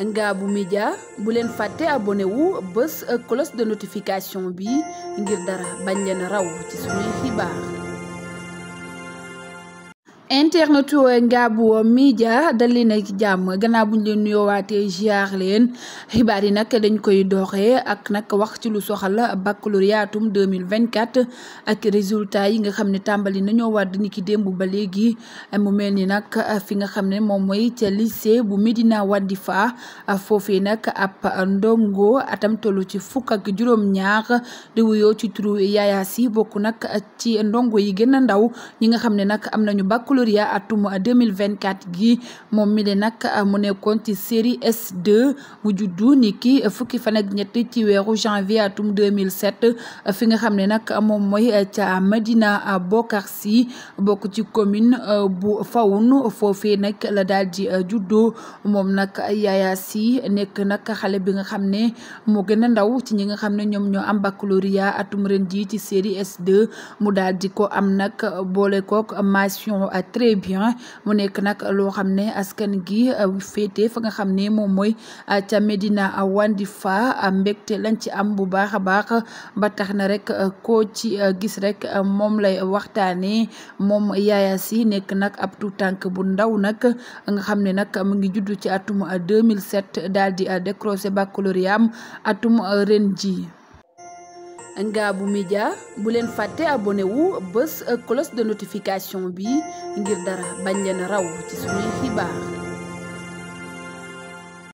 Ngabou Média bu leen fàtte abonné wu bés close de notification bi ngir dara bañ leen raw ci suñuy xibaar internetu Ngabou Media dal leen ak jàmm gannaaw buñ leen nuyoowaatee ziar leen xibaar yi nag dañ koy doxe ak nag wax ci lu soxal baccalauréatum 2024 ak résultat yi nga xam ne tàmbali nañoo wàdd ni ki démb ba léegi mu mel ni nag fi nga xam ne moom mooy ca lycée bu Medina Wandifa foofee nag ab ndongo atam tollu ci fukk ak juróom-ñaar di ci turu Yaya Si bokk ak ci ndongo yi gën ndaw ñi nga xam ne nag am nañu baccalauréat baccalauréat atum 2024 euh, gi moom mi le nag euh, mu nekkoon ci série S2 mu juddu ni ki euh, fukki fan ak ñett ci weeru janvier atum 2007 fi nga xam ne nag moom mooy ca Medina Bokar Sy bokk ci commune bu Faoun foofee nag la daal di juddo moom nag Yaya Sy nekk nag xale bi nga xam ne moo gën a ndaw ci ñi nga xam ne ñoom ñoo am baccalauréat atum ren ji ci série s mu daal di ko am nag boole kook très bien mu nekk nag loo xam ne askan gi euh, féete fa nga xam ne moom mooy euh, ca médina Medina Wandifa mbégte lañ ci am bu baax a baax ba na rek euh, ko ci gis rek moom lay waxtaanee moom Yaya Si nekk nag ab tout tànk bu ndaw nag nga xam ne nag mu ngi juddu ci atum 2007 daal di décroché baccalauréat am atum ren ji Ngabou Média bu leen fàtte abonné wu bés cloche de notification bi ngir dara bañ leen raw ci suñuy xibaar